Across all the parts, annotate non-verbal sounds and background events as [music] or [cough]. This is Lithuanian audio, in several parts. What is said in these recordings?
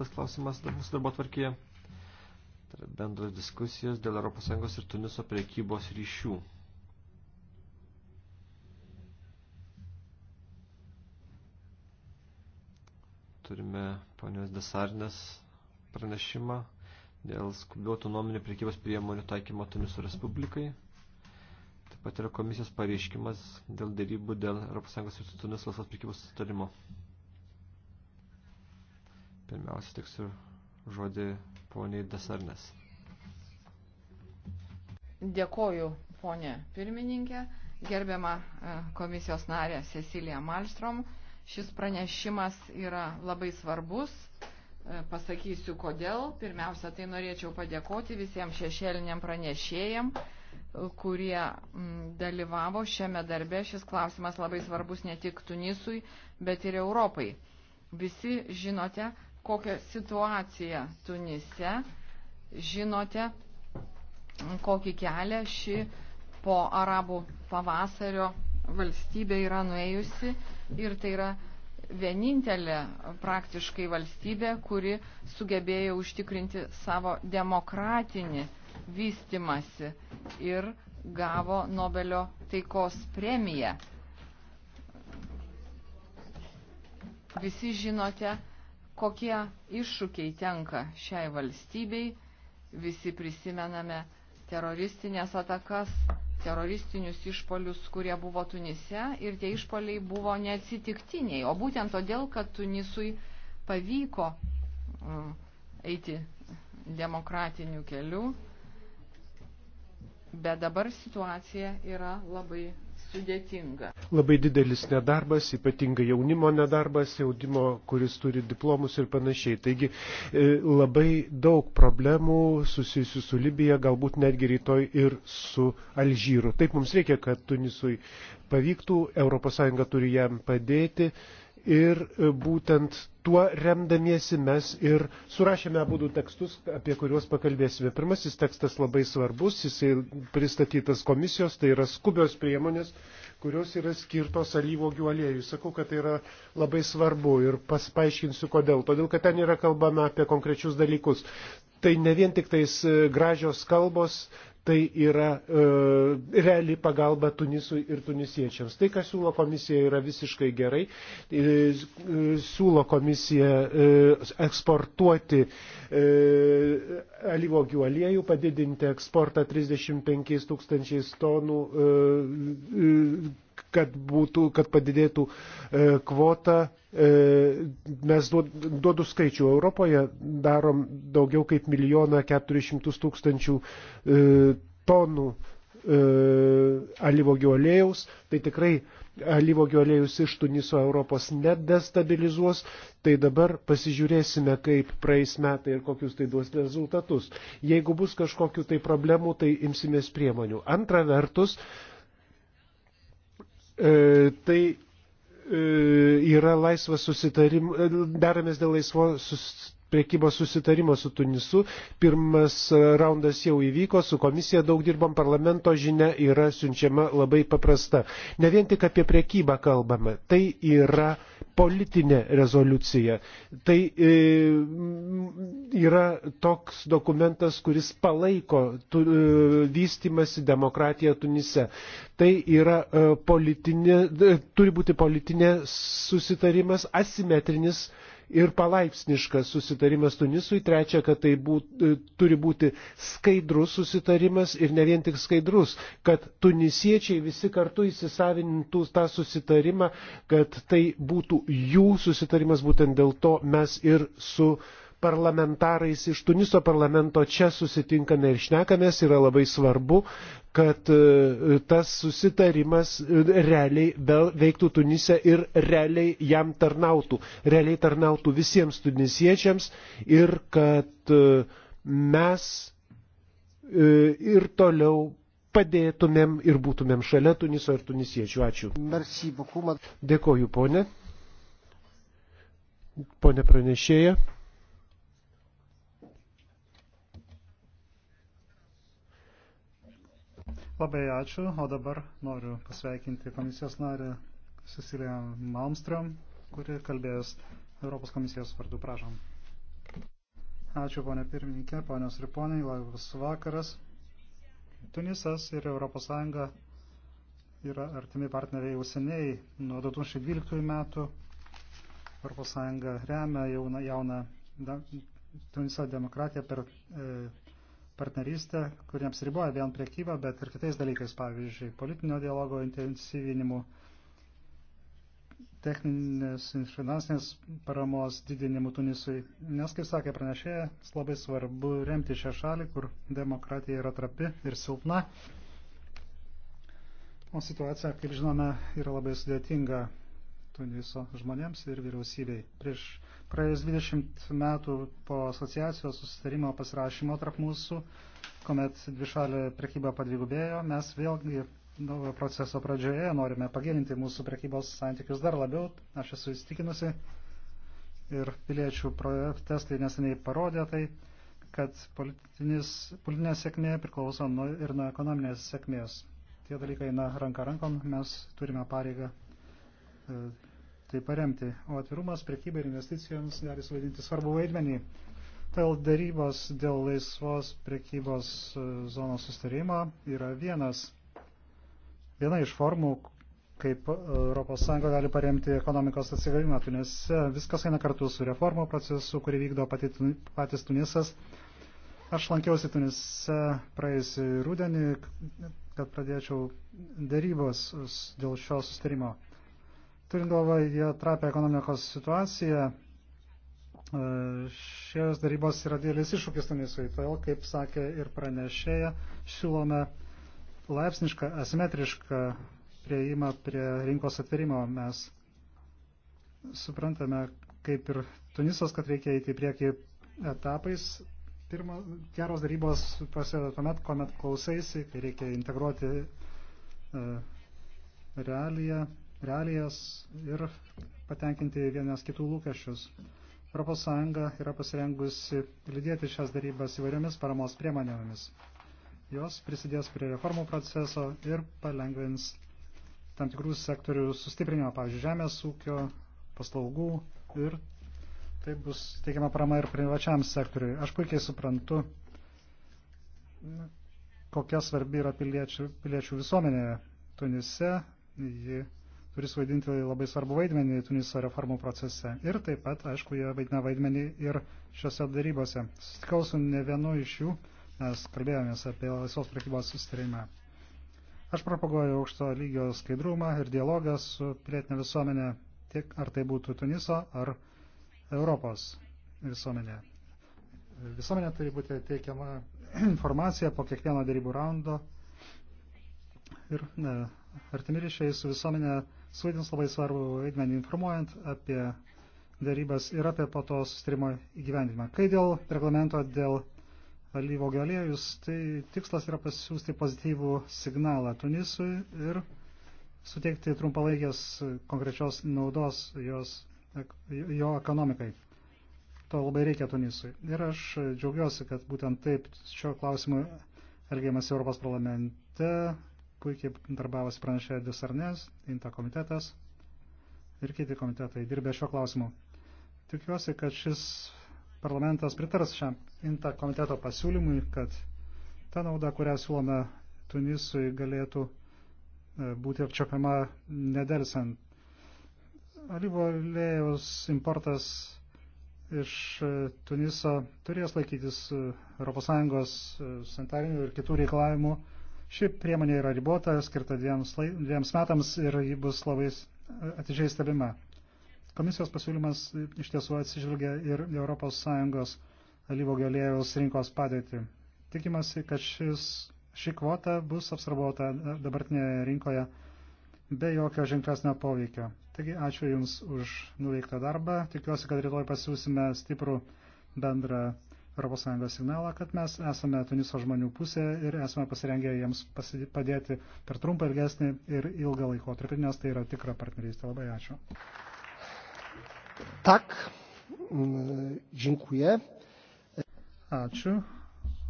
Tas klausimas mūsų darbo tvarkyje. Tai yra bendros diskusijos dėl ES ir Tuniso priekybos ryšių. Turime ponios Desarnės pranešimą dėl skubių autonominių priekybos priemonių taikymo Tuniso Respublikai. Taip pat yra komisijos pareiškimas dėl dėrybų dėl ES ir Tuniso laisvos priekybos sutarimo. Pirmiausia, tiksiu žodį poniai Desarnes. Dėkoju, ponė pirmininkė, gerbiama e, komisijos narė Cecilija Malstrom. Šis pranešimas yra labai svarbus. E, pasakysiu, kodėl. Pirmiausia, tai norėčiau padėkoti visiems šešėliniam pranešėjam, kurie dalyvavo šiame darbe. Šis klausimas labai svarbus ne tik Tunisui, bet ir Europai. Visi žinote, kokią situaciją Tunise, žinote, kokį kelią ši po arabų pavasario valstybė yra nuėjusi ir tai yra vienintelė praktiškai valstybė, kuri sugebėjo užtikrinti savo demokratinį vystimasi ir gavo Nobelio taikos premiją. Visi žinote, kokie iššūkiai tenka šiai valstybei. Visi prisimename teroristinės atakas, teroristinius išpolius, kurie buvo Tunise ir tie išpoliai buvo neatsitiktiniai, o būtent todėl, kad Tunisui pavyko mm, eiti demokratiniu keliu, bet dabar situacija yra labai sudėtinga. Labai didelis nedarbas, ypatingai jaunimo nedarbas, jaudimo, kuris turi diplomus ir panašiai. Taigi e, labai daug problemų susijusių su Libija, galbūt netgi rytoj ir su Alžyru. Taip mums reikia, kad Tunisui pavyktų, ES turi jam padėti ir e, būtent tuo remdamiesi mes ir surašėme abudu tekstus, apie kuriuos pakalbėsime. Pirmasis tekstas labai svarbus, jisai pristatytas komisijos, tai yra skubios priemonės, kurios yra skirtos alyvogių aliejui. Sakau, kad tai yra labai svarbu ir paaiškinsiu kodėl. Todėl, kad ten yra kalbama apie konkrečius dalykus. Tai ne vien tik tais e, gražios kalbos, tai yra e, reali pagalba Tunisui ir tunisiečiams. Tai, ką siūlo komisija, yra visiškai gerai. E, e siūlo komisija e, eksportuoti e, alyvogių aliejų, padidinti eksportą 35 tūkstančiais tonų. E, e, kad, būtų, kad padidėtų e, kvota. E, mes duodu skaičių. Europoje darom daugiau kaip milijoną 400 tūkstančių e, tonų alyvogių aliejaus. Tai tikrai alyvogių aliejus iš Tuniso Europos nedestabilizuos. Tai dabar pasižiūrėsime, kaip praeis metai ir kokius tai duos rezultatus. Jeigu bus kažkokiu tai problemu, tai imsimės priemonių. Antra vertus, uh, E, tai e, yra laisvas susitarimas, e, deramės dėl laisvo susitarimų priekybos susitarimo su Tunisu. Pirmas raundas jau įvyko, su komisija daug dirbom, parlamento žinia yra siunčiama labai paprasta. Ne vien tik apie priekybą kalbame, tai yra politinė rezoliucija. Tai e, yra toks dokumentas, kuris palaiko tu, e, vystimasi demokratiją Tunise. Tai yra e, politinė, e, turi būti politinė susitarimas, asimetrinis e, ir palaipsniškas susitarimas Tunisui. Trečia, kad tai būt, e, turi būti skaidrus susitarimas ir ne vien tik skaidrus, kad tunisiečiai visi kartu įsisavintų tą susitarimą, kad tai būtų jų susitarimas, būtent dėl to mes ir su uh, parlamentarais iš Tuniso parlamento čia susitinkame ir šnekamės, yra labai svarbu, kad e, tas susitarimas e, realiai veiktų Tunise ir realiai jam tarnautų, realiai tarnautų visiems tunisiečiams ir kad e, mes ir toliau padėtumėm ir būtumėm šalia Tuniso ir tunisiečių. Ačiū. Dėkoju, ponė. Pone pranešėja. Labai ačiū, o dabar noriu pasveikinti komisijos narę Cecilija Malmström, kuri kalbės Europos komisijos vardu. Prašom. Ačiū, ponė pirmininkė, ponios ir ponai, labas vakaras. Tunisas ir ES yra artimi partneriai jau seniai. Nuo 2012 metų ES remia jauną, jauną Tuniso demokratiją per e, partnerystę, kuriems riboja vien priekybą, bet ir kitais dalykais, pavyzdžiui, politinio dialogo intensyvinimu, techninės ir finansinės paramos didinimu Tunisui. Nes, kaip sakė pranešėjas, labai svarbu remti šią šalį, kur demokratija yra trapi ir silpna. O situacija, kaip žinome, yra labai sudėtinga Tuniso žmonėms ir vyriausybei. Prieš Praėjus 20 metų po asociacijos susitarimo pasirašymo tarp mūsų, kuomet dvišalė prekyba padvigubėjo, mes vėlgi naujo proceso pradžioje norime pagilinti mūsų prekybos santykius dar labiau. Aš esu įstikinusi ir piliečių protestai neseniai parodė tai, kad politinė sėkmė priklauso nuo, ir nuo ekonominės sėkmės. Tie dalykai eina ranka rankon, mes turime pareigą. E, tai paremti, o atvirumas prekybai ir investicijoms gali suvaidinti svarbu vaidmenį. Todėl darybos dėl laisvos prekybos e, zonos sustarimo yra vienas, viena iš formų, kaip ES gali paremti ekonomikos atsigavimą Tunise. Tai viskas eina kartu su reformų procesu, kurį vykdo pati, patys Tunisas. Aš lankiausi Tunise praėjusį rūdienį, kad pradėčiau darybos dėl šio sustarimo. Turint galvoje trapę ekonomikos situaciją, e, šios darybos yra didelis iššūkis Tunisui, todėl, kaip sakė ir pranešėja, siūlome laipsnišką, asimetrišką prieimą prie rinkos atvirimo. Mes suprantame, kaip ir Tunisas, kad reikia eiti į priekį etapais. Pirmo, geros darybos prasideda tuomet, kuomet klausaisi, kai reikia integruoti e, realiją realijas ir patenkinti vienas kitų lūkesčius. ES yra pasirengusi lydėti šias darybas įvairiomis paramos priemonėmis. Jos prisidės prie reformų proceso ir palengvins tam tikrų sektorių sustiprinimą, pavyzdžiui, žemės ūkio, paslaugų ir taip bus teikiama parama ir privačiam sektoriui. Aš puikiai suprantu, kokia svarbi yra piliečių, piliečių visuomenė Tunise. Ji turi suvaidinti labai svarbu vaidmenį Tuniso reformų procese. Ir taip pat, aišku, jie vaidina vaidmenį ir šiuose darybose. Sustikau su ne vienu iš jų, mes kalbėjomės apie laisvos prekybos susitarimą. Aš propaguoju aukšto lygio skaidrumą ir dialogą su pilietinė visuomenė, tiek ar tai būtų Tuniso ar Europos visuomenė. Visuomenė turi būti teikiama [clears throat] informacija po kiekvieno darybų raundo ir ne, artimi ryšiai su visuomenė suvaidins labai svarbu vaidmenį informuojant apie darybas ir apie po to sustrimo įgyvendimą. Kai dėl reglamento dėl alyvo galėjus, tai tikslas yra pasiūsti pozityvų signalą Tunisui ir suteikti trumpalaikės konkrečios naudos jos, jo ekonomikai. To labai reikia Tunisui. Ir aš džiaugiuosi, kad būtent taip šio klausimu elgiamas Europos parlamente puikiai darbavosi pranešė Disarnės, Inta komitetas ir kiti komitetai dirbė šio klausimu. Tikiuosi, kad šis parlamentas pritars šiam Inta komiteto pasiūlymui, kad ta nauda, kurią siūlome Tunisui, galėtų e, būti apčiopiama nedelsant. Alyvo lėjaus importas iš e, Tuniso turės laikytis ES e, sanitarinių ir kitų reikalavimų Ši priemonė yra ribota, skirta dviems, dviems metams ir ji bus labai atidžiai stebima. Komisijos pasiūlymas iš tiesų atsižvelgia ir ES alyvogio aliejaus rinkos padėtį. Tikimasi, kad šis, ši kvota bus apsarbota dabartinėje rinkoje be jokio ženklesnio poveikio. Taigi ačiū Jums už nuveiktą darbą. Tikiuosi, kad rytoj pasiūsime stiprų bendrą ES signalą, kad mes esame Tuniso žmonių pusėje ir esame pasirengę jiems padėti per trumpą ilgesnį ir ilgą laikotarpį, nes tai yra tikra partnerystė. Labai ačiū. Tak, mm, dziękuję. Ačiū.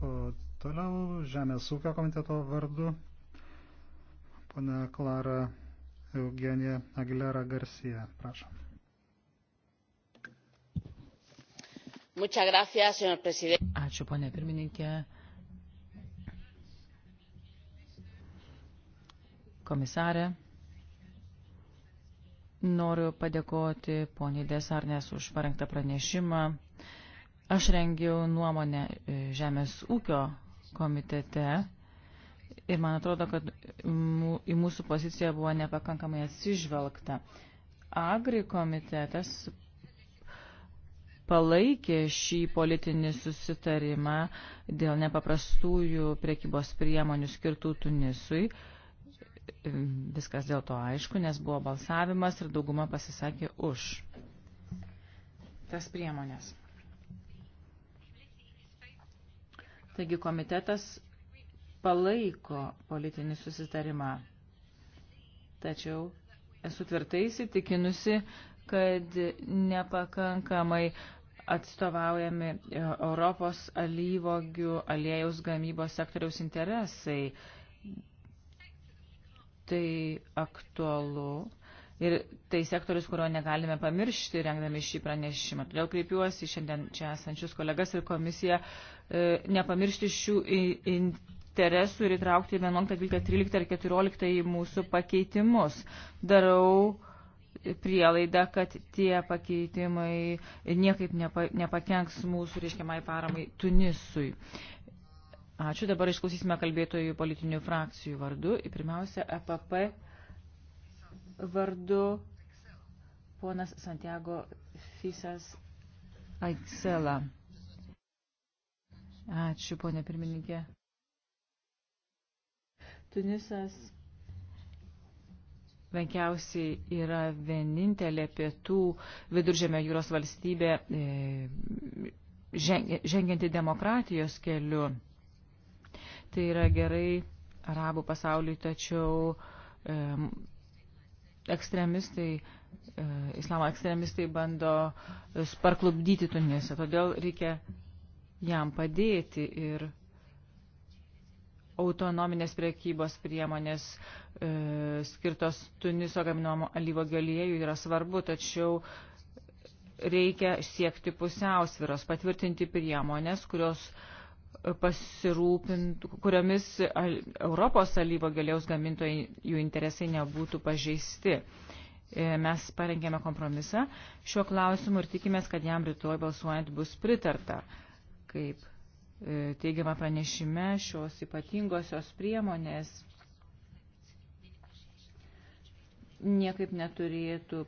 O toliau Žemės ūkio komiteto vardu pana Klara Eugenija Aguilera Garcia. Prašom. Gracias, Ačiū, ponė pirmininkė. Komisarė, noriu padėkoti poniai Desarnės už parengtą pranešimą. Aš rengiau nuomonę e, Žemės ūkio komitete ir man atrodo, kad į mūsų poziciją buvo nepakankamai atsižvelgta. Agri komitetas palaikė šį politinį susitarimą dėl nepaprastųjų priekybos priemonių skirtų Tunisui. Viskas dėl to aišku, nes buvo balsavimas ir dauguma pasisakė už tas priemonės. Taigi komitetas palaiko politinį susitarimą. Tačiau esu tvirtai įsitikinusi, kad nepakankamai atstovaujami e, Europos alyvogių aliejaus gamybos sektoriaus interesai. Tai aktualu ir tai sektorius, kurio negalime pamiršti, rengdami šį pranešimą. Todėl kreipiuosi šiandien čia esančius kolegas ir komisiją e, nepamiršti šių interesų ir įtraukti 11, 12, 13 ir 14 į mūsų pakeitimus. Darau prielaida, kad tie pakeitimai niekaip nepa, nepakenks mūsų reiškiamai paramai Tunisui. Ačiū, dabar išklausysime kalbėtojų politinių frakcijų vardu. Ir pirmiausia, EPP vardu ponas Santiago Fisas Aiksela. Ačiū, ponė pirmininkė. Tunisas venkiausiai yra vienintelė pietų viduržėmio jūros valstybė e, žengianti demokratijos keliu. Tai yra gerai arabų pasauliui, tačiau e, ekstremistai, e, islamo ekstremistai bando parklubdyti Tunisą, todėl reikia jam padėti ir autonominės priekybos priemonės e, skirtos Tuniso gaminamo alyvogio aliejų yra svarbu, tačiau reikia siekti pusiausviros, patvirtinti priemonės, kurios pasirūpintų, kuriomis al, Europos alyvogio aliejaus gamintojai jų interesai nebūtų pažeisti. E, mes parengėme kompromisą šiuo klausimu ir tikimės, kad jam rytoj balsuojant bus pritarta. Kaip E, teigiama pranešime šios ypatingosios priemonės niekaip neturėtų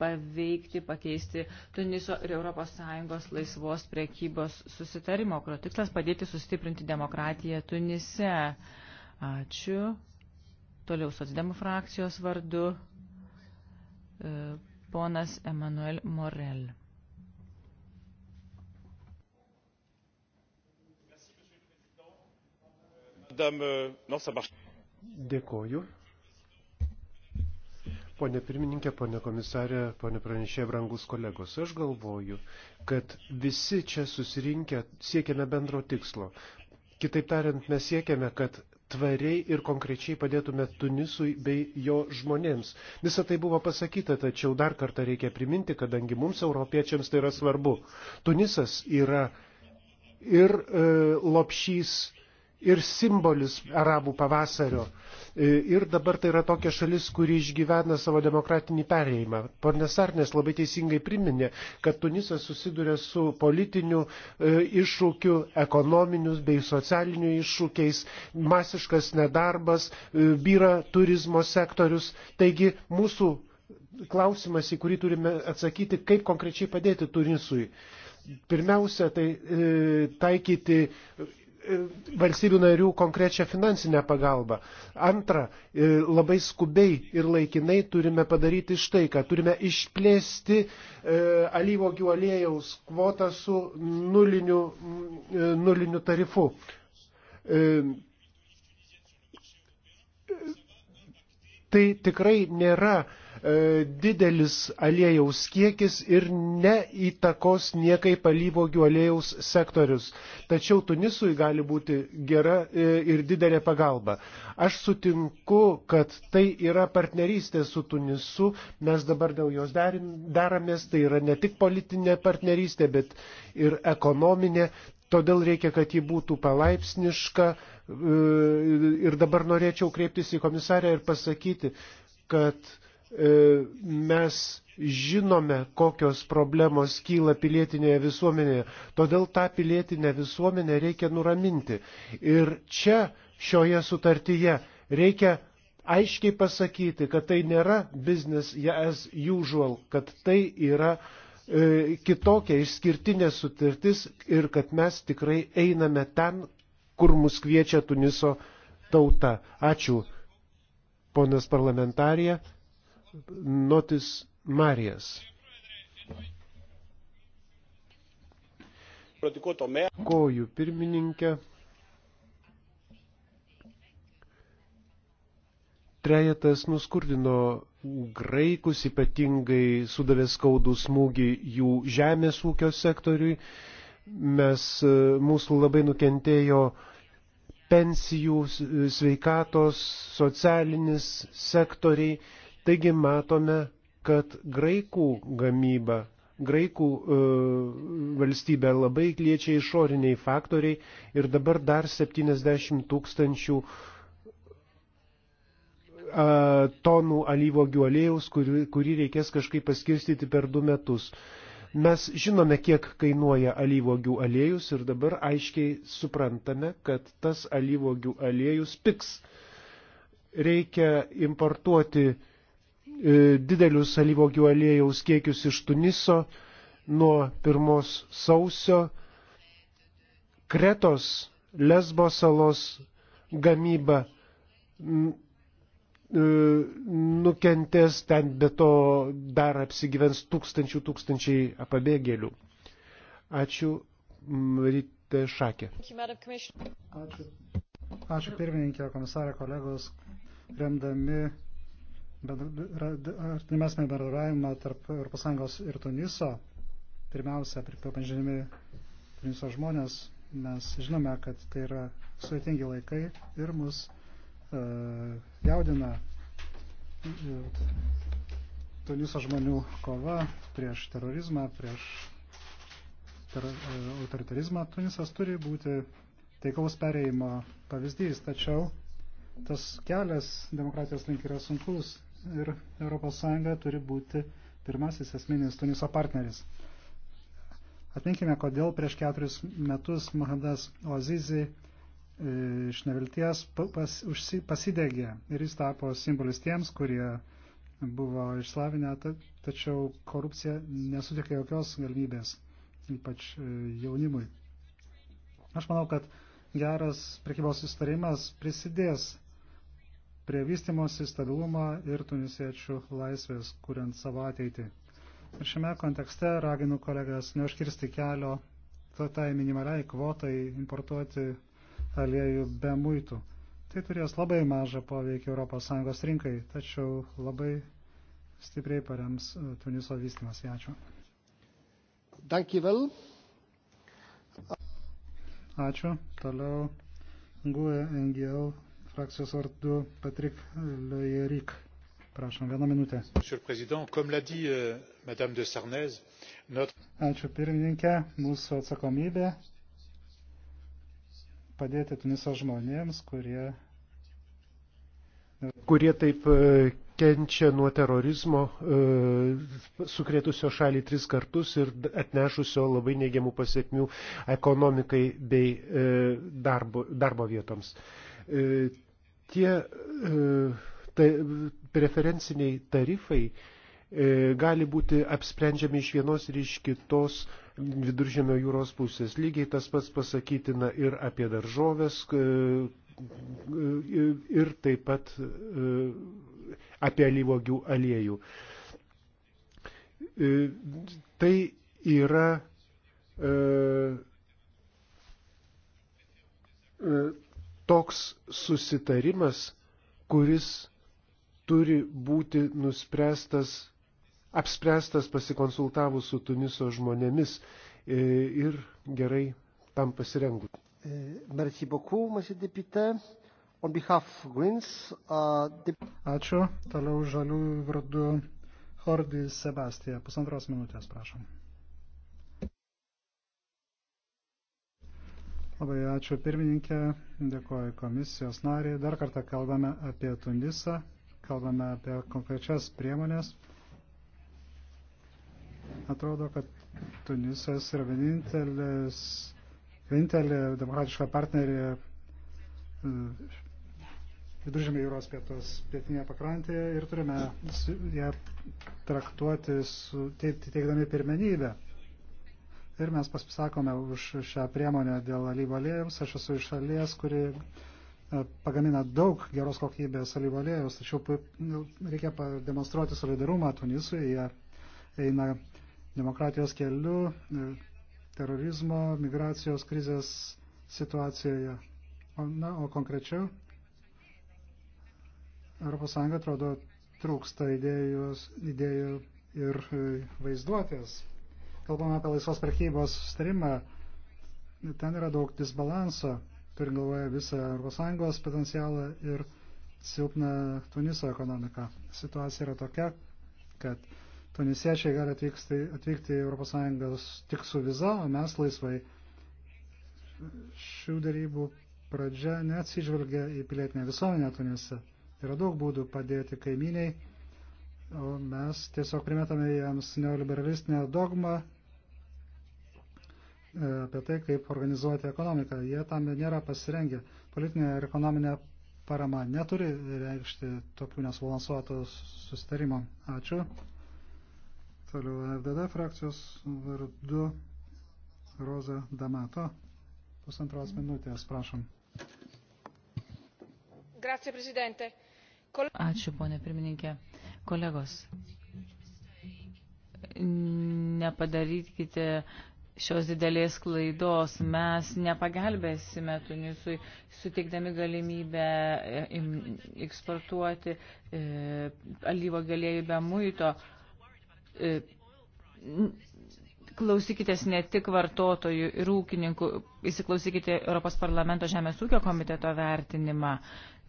paveikti, pakeisti Tuniso ir ES laisvos priekybos susitarimo, kurio tikslas padėti sustiprinti demokratiją Tunise. Ačiū. Toliau socdemų frakcijos vardu e, ponas Emanuel Morel. Euh, Dėkoju. Pone pirmininkė, pone komisarė, pone pranešė, brangus kolegos, aš galvoju, kad visi čia susirinkę siekiame bendro tikslo. Kitaip tariant, mes siekiame, kad tvariai ir konkrečiai padėtume Tunisui bei jo žmonėms. Visą tai buvo pasakyta, tačiau dar kartą reikia priminti, kadangi mums, europiečiams, tai yra svarbu. Tunisas yra ir e, lopšys ir simbolis arabų pavasario. E, ir dabar tai yra tokia šalis, kuri išgyvena savo demokratinį perėjimą. Pornes Arnes labai teisingai priminė, kad Tunisas susiduria su politiniu e, iššūkiu, ekonominius bei socialiniu iššūkiais, masiškas nedarbas, vyra e, turizmo sektorius. Taigi mūsų klausimas, į kurį turime atsakyti, kaip konkrečiai padėti Tunisui pirmiausia, tai e, taikyti E, valstybių narių konkrečią finansinę pagalbą. Antra, e, labai skubiai ir laikinai turime padaryti štai, kad turime išplėsti e, alyvogių aliejaus kvotą su nuliniu, nuliniu tarifu. Tai tikrai nėra E, didelis aliejaus kiekis ir neįtakos niekaip alyvogių aliejaus sektorius. Tačiau Tunisui gali būti gera e, ir didelė pagalba. Aš sutinku, kad tai yra partnerystė su Tunisu, mes dabar dėl jos daramės, tai yra ne tik politinė partnerystė, bet ir ekonominė. Todėl reikia, kad ji būtų palaipsniška e, ir dabar norėčiau kreiptis į komisarę ir pasakyti, kad uh, E, mes žinome, kokios problemos kyla pilietinėje visuomenėje. Todėl tą pilietinę visuomenę reikia nuraminti. Ir čia šioje sutartyje reikia aiškiai pasakyti, kad tai nėra business as usual, kad tai yra e, kitokia išskirtinė sutartis ir kad mes tikrai einame ten, kur mus kviečia Tuniso tauta. Ačiū, ponas parlamentarija. Notis Marijas. Kojų pirmininkė. Trejetas nuskurdino graikus, ypatingai sudavė skaudų smūgį jų žemės ūkio sektoriui. Mes, e, mūsų labai nukentėjo pensijų, sveikatos, socialinis sektoriai Taigi matome, kad graikų gamyba, graikų e, valstybė labai kliečia išoriniai faktoriai ir dabar dar 70 tūkstančių e, tonų alyvogių aliejaus, kurį, kurį reikės kažkaip paskirstyti per du metus. Mes žinome, kiek kainuoja alyvogių aliejus ir dabar aiškiai suprantame, kad tas alyvogių aliejus piks. Reikia importuoti E, didelius alyvogių aliejaus kiekius iš Tuniso nuo 1 sausio. Kretos Lesbo salos gamyba e, nukentės ten, be to dar apsigyvens tūkstančių tūkstančiai pabėgėlių. Ačiū, Rytė Šakė. Ačiū. Ačiū pirmininkė, komisarė, kolegos, remdami artimesnį bendravimą tarp ES ir Tuniso, pirmiausia, pripažinimi Tuniso žmonės, mes žinome, kad tai yra sudėtingi laikai ir mus uh, jaudina e, Tuniso žmonių kova prieš terorizmą, prieš ter e, autoritarizmą. Tunisas turi būti taikaus perėjimo pavyzdys, tačiau tas kelias demokratijos link yra sunkus ir ES turi būti pirmasis esminis Tuniso partneris. Atminkime, kodėl prieš keturis metus Mahadas Ozizi e, iš nevilties pas, užsi, pasidegė ir jis tapo simbolis tiems, kurie buvo išslavinę, tačiau korupcija nesutikė jokios galimybės, ypač e, jaunimui. Aš manau, kad geras prekybos sustarimas prisidės prie vystimosi stabilumą ir tunisiečių laisvės, kuriant savo ateitį. Ir šiame kontekste raginu kolegas neužkirsti kelio tai minimaliai kvotai importuoti aliejų be muitų. Tai turės labai mažą poveikį ES rinkai, tačiau labai stipriai parems e, Tuniso vystimas. Ačiū. Dankyvel. Ačiū. Toliau GUE NGL frakcijos vardu Patrik Lejerik. Prašom, vieną minutę. Euh, Ačiū pirmininkė, mūsų atsakomybė padėti Tuniso žmonėms, kurie. kurie taip e, kenčia nuo terorizmo, e, sukrėtusio šalį tris kartus ir atnešusio labai neigiamų pasiekmių ekonomikai bei e, darbo, darbo vietoms Tie e, ta, preferenciniai tarifai e, gali būti apsprendžiami iš vienos ir iš kitos viduržėmio jūros pusės. Lygiai tas pats pasakytina ir apie daržovės e, ir taip pat apie alyvogių aliejų. Tai yra toks susitarimas, kuris turi būti nuspręstas, apspręstas pasikonsultavus su Tuniso žmonėmis e, ir gerai tam pasirengus. E, merci beaucoup, monsieur député. On behalf of Greens, uh, de... Ačiū. Toliau žaliųjų vardu Hordi Sebastija. Pusantros minutės, prašom. Labai ačiū pirmininkė, dėkoju komisijos nariai. Dar kartą kalbame apie Tunisą, kalbame apie konkrečias priemonės. Atrodo, kad Tunisas yra vienintelis, vienintelė demokratiška partnerė e, viduržėmė jūros pietos pietinėje pakrantėje ir turime ją traktuoti su, teikdami pirmenybę ir mes pasisakome už šią priemonę dėl alyvo aliejus. Aš esu iš šalies, kuri e, pagamina daug geros kokybės alyvo aliejus, tačiau nu, reikia pademonstruoti solidarumą Tunisui. Jie eina demokratijos keliu, e, terorizmo, migracijos krizės situacijoje. O, na, o konkrečiau, ES atrodo trūksta idėjos, idėjų ir e, vaizduotės kalbame apie laisvos prekybos sustarimą, ten yra daug disbalanso, turint galvoje visą ES potencialą ir silpną Tuniso ekonomiką. Situacija yra tokia, kad tunisiečiai gali atvykti, atvykti į ES tik su viza, o mes laisvai. Šių darybų pradžia neatsižvelgia į pilietinę visuomenę Tunise. Yra daug būdų padėti kaiminiai, o mes tiesiog primetame jiems neoliberalistinę dogmą E, apie tai, kaip organizuoti ekonomiką. Jie tam nėra pasirengę. Politinė ir ekonominė parama neturi reikšti tokių nesubalansuotų susitarimų. Ačiū. Toliau FDD frakcijos vardu Roza Damato. Pusantros minutės, prašom. Grazie, prezidente. Kol... Ačiū, ponė pirmininkė. Kolegos, nepadarykite šios didelės klaidos. Mes nepagelbėsime Tunisui, suteikdami galimybę e, eksportuoti e, alyvo galėjų be muito. E, klausykitės ne tik vartotojų ir ūkininkų, įsiklausykite Europos parlamento žemės ūkio komiteto vertinimą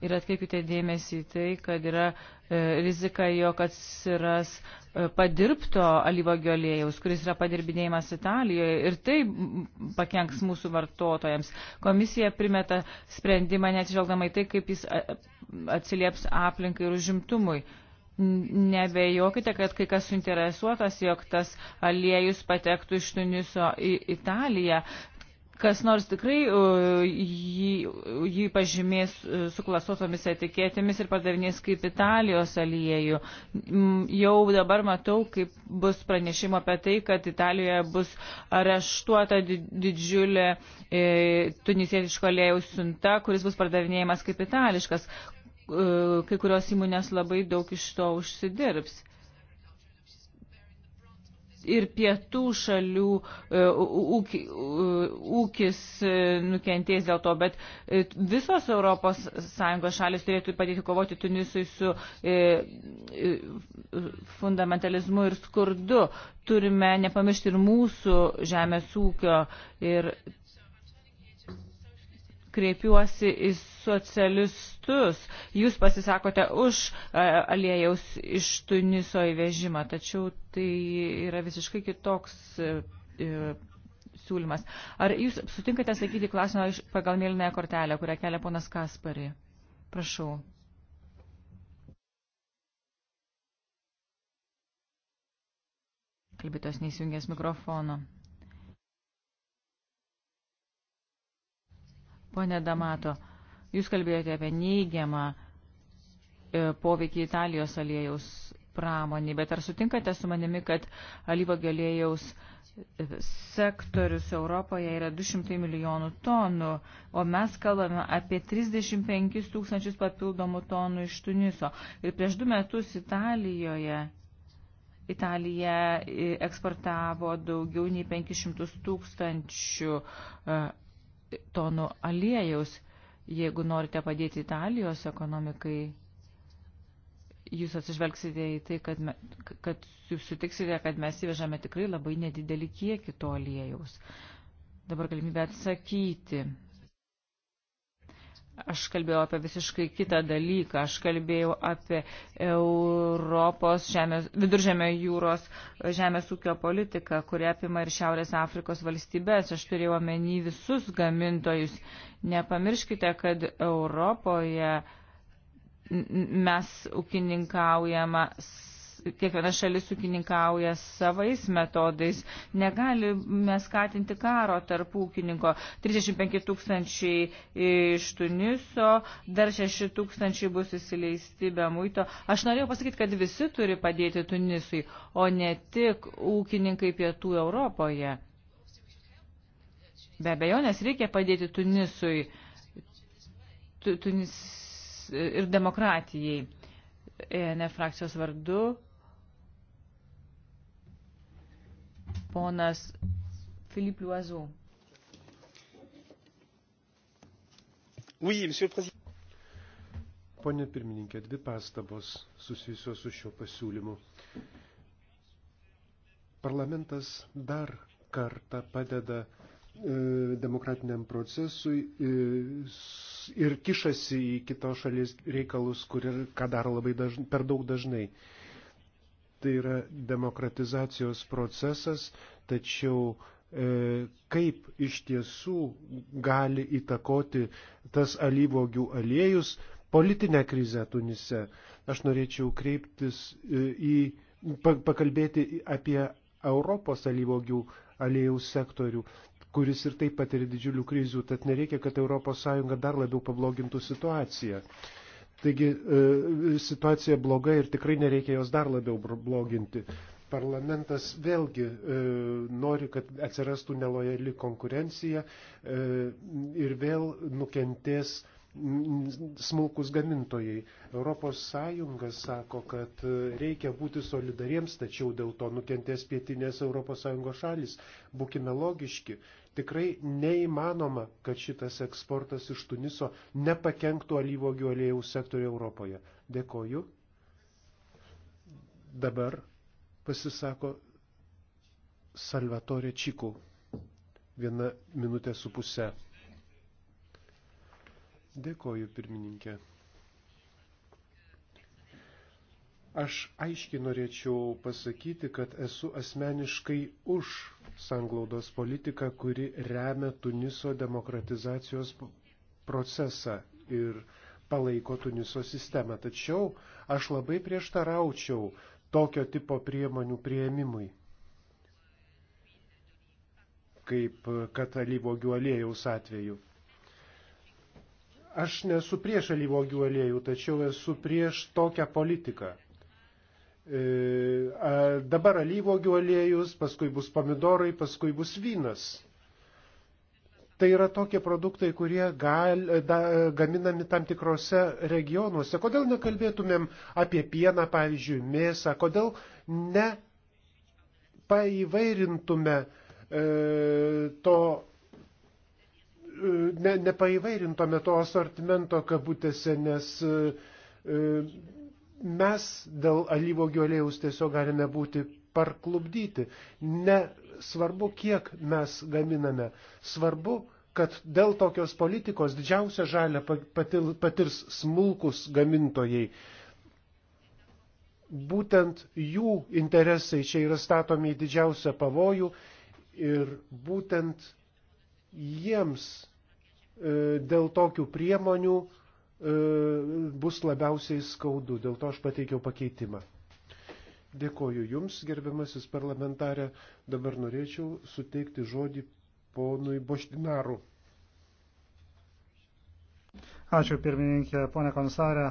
ir atkreipkite dėmesį į tai, kad yra e, rizika, jog atsiras e, padirbto alyvogio aliejaus, kuris yra padirbinėjimas Italijoje ir tai pakenks mūsų vartotojams. Komisija primeta sprendimą neatsižvelgdama į tai, kaip jis atsilieps aplinkai ir užimtumui. Nebejokite, kad kai kas suinteresuotas, jog tas aliejus patektų iš Tuniso į Italiją, kas nors tikrai jį, jį pažymės e, suklastotomis etiketėmis ir pardavinės kaip Italijos aliejų. Jau dabar matau, kaip bus pranešimo apie tai, kad Italijoje bus areštuota didžiulė e, tunisietiško aliejaus siunta, kuris bus pardavinėjimas kaip itališkas. E, kai kurios įmonės labai daug iš to užsidirbs ir pietų šalių e, ūkis e, nukentės dėl to, bet e, visos ES šalis turėtų padėti kovoti Tunisui su fundamentalizmu ir skurdu. Turime nepamiršti ir mūsų žemės ūkio ir kreipiuosi į socialistus. Jūs pasisakote už e, aliejaus iš Tuniso įvežimą, tačiau tai yra visiškai kitoks e, e, siūlymas. Ar jūs sutinkate sakyti klausimą pagal mėlynąją kortelę, kurią kelia ponas Kaspari? Prašau. Kalbėtos neįsijungęs mikrofono. Pone Damato, jūs kalbėjote apie neigiamą e, poveikį Italijos aliejaus pramonį, bet ar sutinkate su manimi, kad alyvogio aliejaus e, sektorius Europoje yra 200 milijonų tonų, o mes kalbame apie 35 tūkstančius papildomų tonų iš Tuniso. Ir prieš du metus Italijoje Italija e, eksportavo daugiau nei 500 tūkstančių tonų aliejaus. Jeigu norite padėti Italijos ekonomikai, jūs atsižvelgsite į tai, kad, me, kad jūs sutiksite, kad mes įvežame tikrai labai nedidelį kiekį to aliejaus. Dabar galimybę atsakyti Aš kalbėjau apie visiškai kitą dalyką. Aš kalbėjau apie Europos žemės, viduržėmio jūros e, žemės ūkio politiką, kurie apima ir Šiaurės Afrikos valstybės. Aš turėjau omeny visus gamintojus. Nepamirškite, kad Europoje mes ūkininkaujama kiekviena šalis ūkininkauja savais metodais. Negalime skatinti karo tarp ūkininko. 35 tūkstančiai iš Tuniso, dar 6 tūkstančiai bus įsileisti be muito. Aš norėjau pasakyti, kad visi turi padėti Tunisui, o ne tik ūkininkai pietų Europoje. Be abejo, nes reikia padėti Tunisui tu, Tunis ir demokratijai. ENF frakcijos vardu ponas Filip Liuazų. Oui, Pone pirmininkė, dvi pastabos susijusios su šio pasiūlymu. Parlamentas dar kartą padeda e, demokratiniam procesui e, ir kišasi į kitos šalies reikalus, kur ir ką daro labai dažn, per daug dažnai tai yra demokratizacijos procesas, tačiau e, kaip iš tiesų gali įtakoti tas alyvogių aliejus politinę krizę Tunise. Aš norėčiau kreiptis e, į, pakalbėti apie Europos alyvogių aliejaus sektorių kuris ir taip patiria didžiulių krizių, tad nereikia, kad ES dar labiau pablogintų situaciją. Taigi e, situacija bloga ir tikrai nereikia jos dar labiau bloginti. Parlamentas vėlgi e, nori, kad atsirastų nelojali konkurencija e, ir vėl nukentės smulkus gamintojai. Europos Sąjunga sako, kad e, reikia būti solidariems, tačiau dėl to nukentės pietinės Europos Sąjungos šalis. Būkime logiški. E, Tikrai neįmanoma, kad šitas eksportas iš Tuniso nepakenktų alyvogių aliejų sektoriui Europoje. Dėkoju. Dabar pasisako Salvatore Čikų. Viena minutė su pusė. Dėkoju, pirmininkė. Aš aiškiai norėčiau pasakyti, kad esu asmeniškai už sanglaudos politiką, kuri remia Tuniso demokratizacijos procesą ir palaiko Tuniso sistemą. Tačiau aš labai prieštaraučiau tokio tipo priemonių prieimimui, kaip katalyvogių aliejaus atveju. Aš nesu prieš alyvogių aliejų, tačiau esu prieš tokią politiką. E, dabar alyvogių aliejus, paskui bus pomidorai, paskui bus vynas. Tai yra tokie produktai, kurie gal, da, gaminami tam tikrose regionuose. Kodėl nekalbėtumėm apie pieną, pavyzdžiui, mėsą, kodėl ne paįvairintume e, to, e, ne, nepaįvairintume to asortimento kabutėse, nes e, e Mes dėl alyvogių aliejaus tiesiog galime būti parklubdyti. Nesvarbu, kiek mes gaminame. Svarbu, kad dėl tokios politikos didžiausią žalę patirs smulkus gamintojai. Būtent jų interesai čia yra statomi į didžiausią pavojų ir būtent jiems e, dėl tokių priemonių E, bus labiausiai skaudu. Dėl to aš pateikiau pakeitimą. Dėkoju Jums, gerbiamasis parlamentarė. Dabar norėčiau suteikti žodį ponui Boštinaru. Ačiū pirmininkė, ponė komisarė,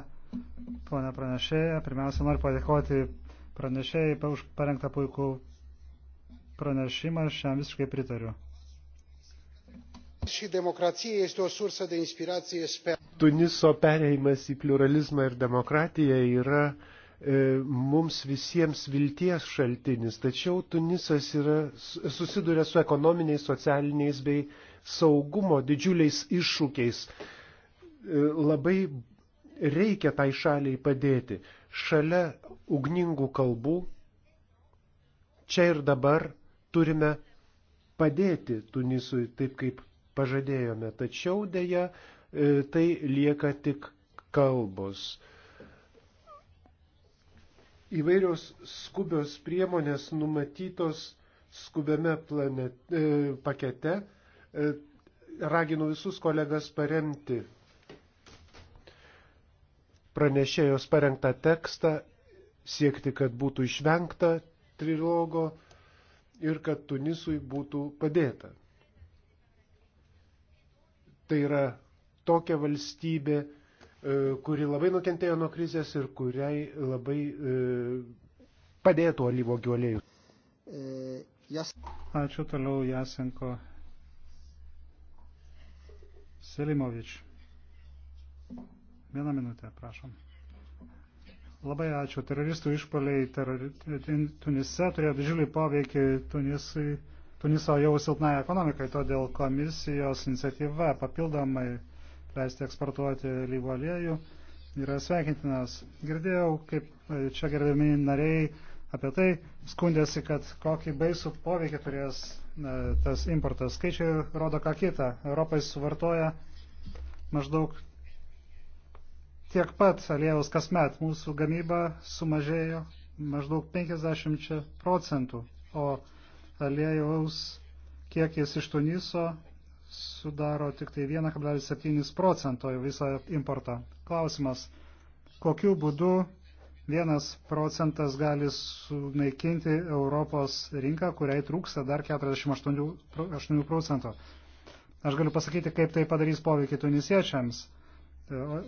ponė pranešėja. Pirmiausia, noriu padėkoti pranešėjai už parengtą puikų pranešimą. Aš jam visiškai pritariu. Și democrație este o sursă de inspirație sper. Tuniso pereimas į pluralizmą ir demokratiją yra e, mums visiems vilties šaltinis, tačiau Tunisas yra, susiduria su ekonominiais, socialiniais bei saugumo didžiuliais iššūkiais. E, labai reikia tai šaliai padėti. Šalia ugningų kalbų čia ir dabar turime padėti Tunisui taip, kaip pažadėjome. Tačiau dėja E, tai lieka tik kalbos. Įvairios skubios priemonės numatytos skubiame planet, e, pakete. E, raginu visus kolegas paremti pranešėjos parengtą tekstą, siekti, kad būtų išvengta trilogo ir kad Tunisui būtų padėta. Tai yra tokią valstybę, e, kuri labai nukentėjo nuo krizės ir kuriai labai e, padėtų alyvogių aliejus. E, ačiū toliau Jasenko Selimovič. Vieną minutę, prašom. Labai ačiū. Teroristų išpaliai terori... Tunise turėjo didžiulį poveikį Tunisui, Tuniso jau silpnai ekonomikai, todėl komisijos iniciatyva papildomai leisti eksportuoti lyvo aliejų yra sveikintinas. Girdėjau, kaip e, čia gerbiami nariai apie tai skundėsi, kad kokį baisų poveikį turės e, tas importas. Skaičiai rodo ką kitą. Europai suvartoja maždaug tiek pat aliejaus kasmet. Mūsų gamyba sumažėjo maždaug 50 procentų, o aliejaus kiekis iš Tuniso sudaro tik tai 1,7 procento viso importo. Klausimas, kokiu būdu 1 procentas gali sunaikinti Europos rinką, kuriai trūksta dar 48 procentų. Aš galiu pasakyti, kaip tai padarys poveikį tunisiečiams. E,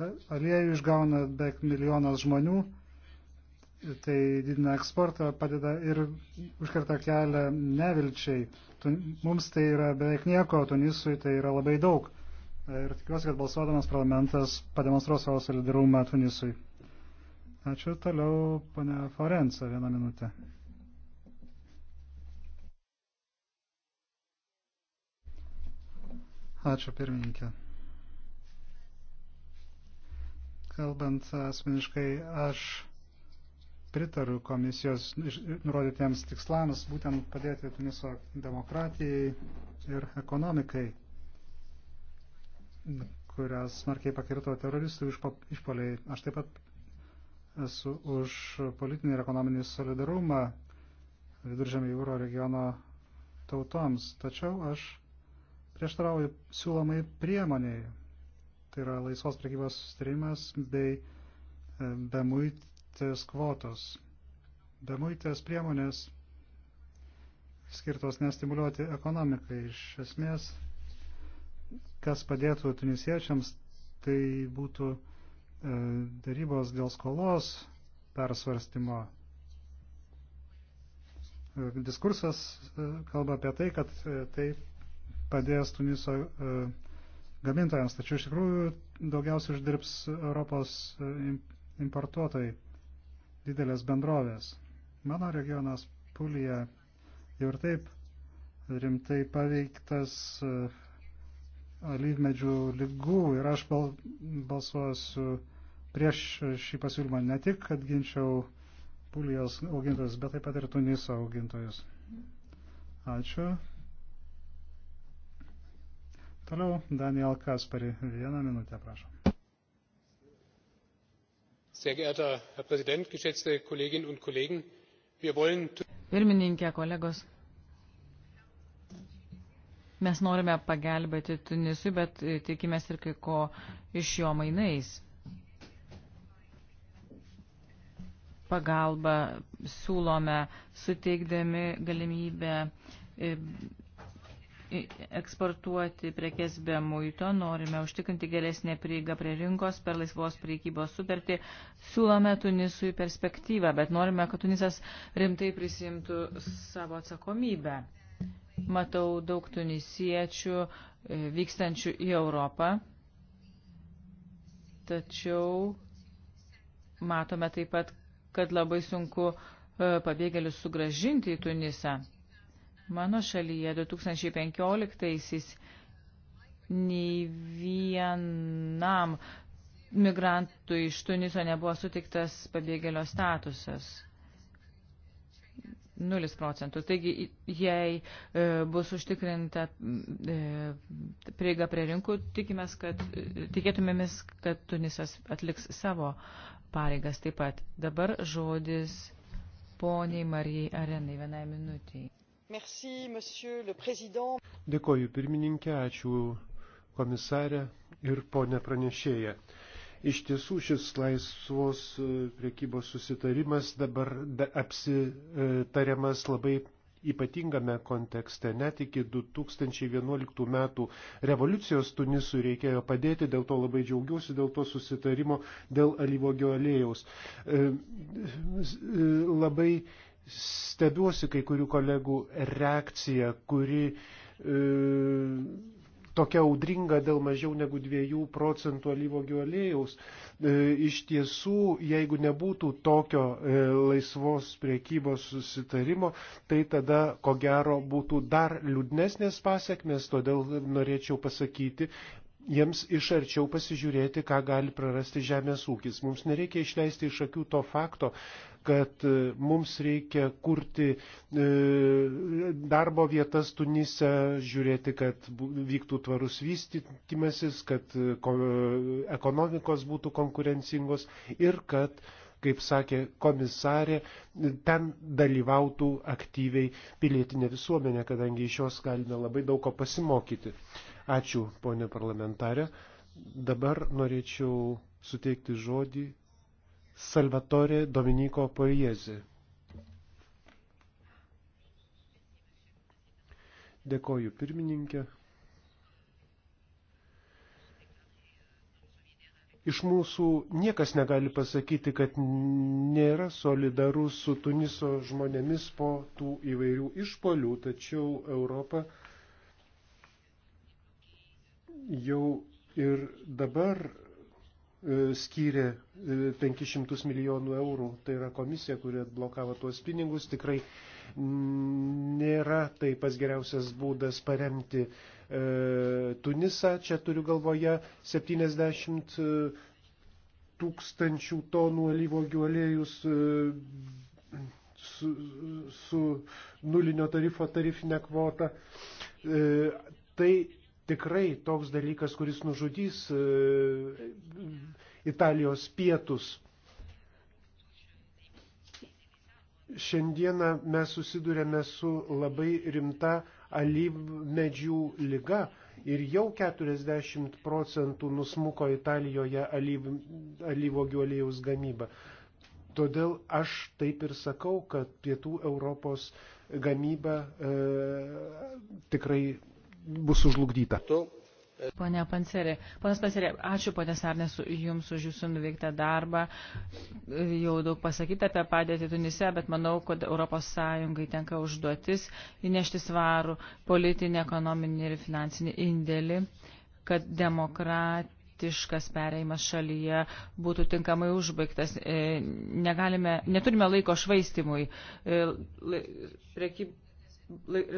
e, aliejų išgauna beveik milijonas žmonių, tai didina eksportą, padeda ir užkerta kelią nevilčiai Mums tai yra beveik nieko, Tunisui tai yra labai daug. Ir tikiuosi, kad balsuodamas parlamentas pademonstruos savo solidarumą Tunisui. Ačiū toliau, ponia Forenca, vieną minutę. Ačiū pirmininkė. Kalbant asmeniškai, aš pritariu komisijos nurodytiems tikslams, būtent padėti Tuniso demokratijai ir ekonomikai, kurias smarkiai pakirto teroristų išpoliai. Aš taip pat esu už politinį ir ekonominį solidarumą viduržėmio jūro regiono tautoms, tačiau aš prieštarauju siūlomai priemoniai. Tai yra laisvos prekybos sustarimas bei e, bemuit tis kvotos. Bemuitės priemonės skirtos nestimuliuoti ekonomikai. Iš esmės, kas padėtų tunisiečiams, tai būtų e, darybos dėl skolos persvarstymo. E, diskursas e, kalba apie tai, kad tai padės Tuniso gamintojams, tačiau iš tikrųjų daugiausiai uždirbs Europos importuotojai didelės bendrovės. Mano regionas Pulija jau ir taip rimtai paveiktas e, alyvmedžių lygų ir aš bal, balsuosiu prieš šį pasiūlymą ne tik, kad ginčiau Pulijos augintojus, bet taip pat ir Tuniso augintojus. Ačiū. Toliau Daniel Kaspari. Vieną minutę, prašom sehr geehrter herr präsident geschätzte kolleginnen und kollegen! wir wollen pirmininke kolegos mes norime pagelbėti tunisui bet e, tikimės ir kai ko iš jo mainais pagalbą siūlome suteikdami galimybę e, eksportuoti prekes be muito, norime užtikrinti geresnę prieigą prie rinkos per laisvos priekybos sutartį, siūlome Tunisui perspektyvą, bet norime, kad Tunisas rimtai prisimtų savo atsakomybę. Matau daug tunisiečių e, vykstančių į Europą, tačiau matome taip pat, kad labai sunku e, pabėgėlius sugražinti į Tunisą. Mano šalyje 2015-aisiais nei vienam migrantui iš Tuniso nebuvo sutiktas pabėgėlio statusas. 0 procentų. Taigi, jei e, bus užtikrinta e, prieiga prie rinkų, tikimės, kad, e, tikėtumėmis, kad Tunisas atliks savo pareigas taip pat. Dabar žodis poniai Marijai Arenai vienai minutiai. Merci, monsieur le président. Dėkoju pirmininkė, ačiū komisarė ir ponė pranešėja. Iš tiesų šis laisvos e, priekybos susitarimas dabar da, apsitariamas labai ypatingame kontekste. Net iki 2011 metų revoliucijos Tunisui reikėjo padėti, dėl to labai džiaugiuosi, dėl to susitarimo, dėl alyvogio alėjaus. E, e, labai stebiuosi kai kurių kolegų reakcija, kuri e, tokia audringa dėl mažiau negu 2 procentų alyvogių aliejaus. E, iš tiesų, jeigu nebūtų tokio e, laisvos priekybos susitarimo, tai tada ko gero būtų dar liūdnesnės pasiekmes, todėl norėčiau pasakyti, jiems iš arčiau pasižiūrėti, ką gali prarasti žemės ūkis. Mums nereikia išleisti iš akių to fakto, kad e, mums reikia kurti e, darbo vietas Tunise, žiūrėti, kad vyktų tvarus vystytimasis, kad e, ekonomikos būtų konkurencingos ir kad kaip sakė komisarė, ten dalyvautų aktyviai pilietinė visuomenė, kadangi iš jos galime labai daug ko pasimokyti. Ačiū, ponė parlamentarė. Dabar norėčiau suteikti žodį Salvatore Dominiko Poiezi. Dėkoju pirmininkė. Iš mūsų niekas negali pasakyti, kad nėra solidarus su Tuniso žmonėmis po tų įvairių išpolių, tačiau Europa jau ir dabar E, skyrė 500 e, milijonų eurų, tai yra komisija, kuri atblokavo tuos pinigus, tikrai nėra tai pas geriausias būdas paremti e, Tunisą, čia turiu galvoje 70 tūkstančių tonų alyvogių aliejus su, su nulinio tarifo tarifinė kvota. Tai tikrai toks dalykas, kuris nužudys e, Italijos pietus. Šiandieną mes susidurėme su labai rimta alyvmedžių lyga ir jau 40 procentų nusmuko Italijoje alyv, alyvogių aliejaus gamyba. Todėl aš taip ir sakau, kad pietų Europos gamyba e, tikrai bus užlugdyta. E, Pone Panserė, ponas Panserė, ačiū ponė Sarnės Jums už Jūsų nuveiktą darbą. E, jau daug pasakyta apie padėtį Tunise, bet manau, kad ES tenka užduotis įnešti svarų politinį, ekonominį ir finansinį indėlį, kad demokratija politiškas pereimas šalyje būtų tinkamai užbaigtas. E, negalime, neturime laiko švaistimui. Prekyb,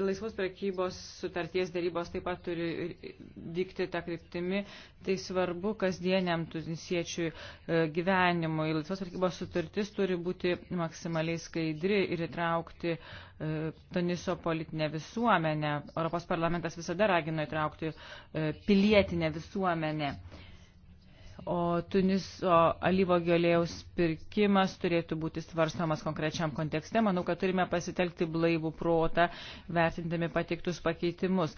laisvos prekybos sutarties darybos taip pat turi vykti tą kryptimį. Tai svarbu kasdieniam tunisiečių e, gyvenimui. Laisvos prekybos sutartis turi būti maksimaliai skaidri ir įtraukti e, Tuniso politinę visuomenę. Europos parlamentas visada ragino įtraukti e, pilietinę visuomenę o Tuniso alyvogio aliejaus pirkimas turėtų būti svarstomas konkrečiam kontekste. Manau, kad turime pasitelkti blaivų protą, vertindami pateiktus pakeitimus.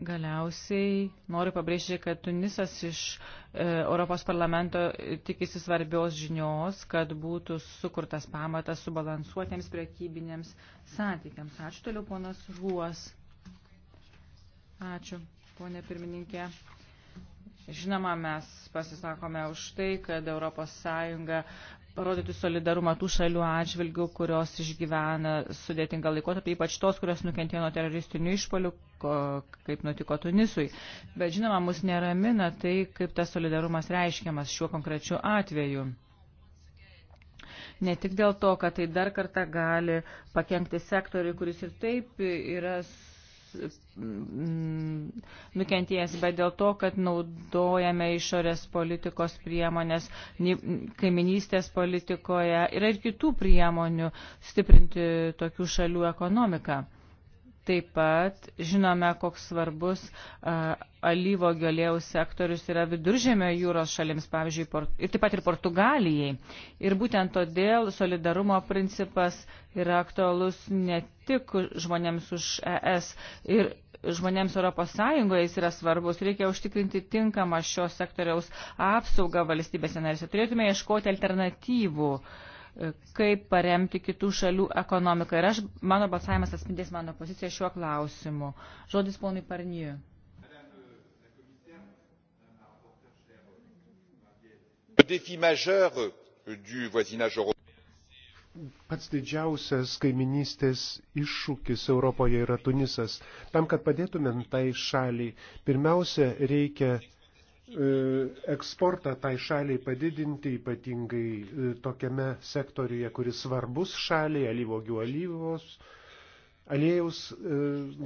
Galiausiai noriu pabrėžti, kad Tunisas iš e, Europos parlamento tikisi svarbios žinios, kad būtų sukurtas pamatas subalansuotiems prekybinėms santykiams. Ačiū toliau, ponas Žuos. Ačiū, ponė pirmininkė. Žinoma, mes pasisakome už tai, kad ES parodytų solidarumą tų šalių atžvilgių, kurios išgyvena sudėtingą laikotarpį, ypač tos, kurios nukentėjo nuo teroristinių išpolių, kaip nutiko Tunisui. Bet žinoma, mus neramina tai, kaip tas solidarumas reiškiamas šiuo konkrečiu atveju. Ne tik dėl to, kad tai dar kartą gali pakengti sektoriui, kuris ir taip yra Mm, nukentėjęs, bet dėl to, kad naudojame išorės politikos priemonės, kaiminystės politikoje. Yra ir kitų priemonių stiprinti tokių šalių ekonomiką. Taip pat žinome, koks svarbus uh, alyvogio aliejaus sektorius yra viduržėmio jūros šalims, pavyzdžiui, port, ir taip pat ir Portugalijai. Ir būtent todėl solidarumo principas yra aktualus ne tik žmonėms už ES ir žmonėms Europos Sąjungoje jis yra svarbus. Reikia užtikrinti tinkamą šio sektoriaus apsaugą valstybėse narėse. Turėtume ieškoti alternatyvų. Uh, kaip paremti kitų šalių ekonomiką. Ir aš, mano balsavimas atspindės mano poziciją šiuo klausimu. Žodis ponui Parnijui. Pats didžiausias kaiminystės iššūkis Europoje yra Tunisas. Tam, kad padėtumėm tai šaliai, pirmiausia, reikia E, eksportą tai šaliai padidinti, ypatingai e, tokiame sektoriuje, kuris svarbus šaliai, alyvogių alyvos, aliejaus e,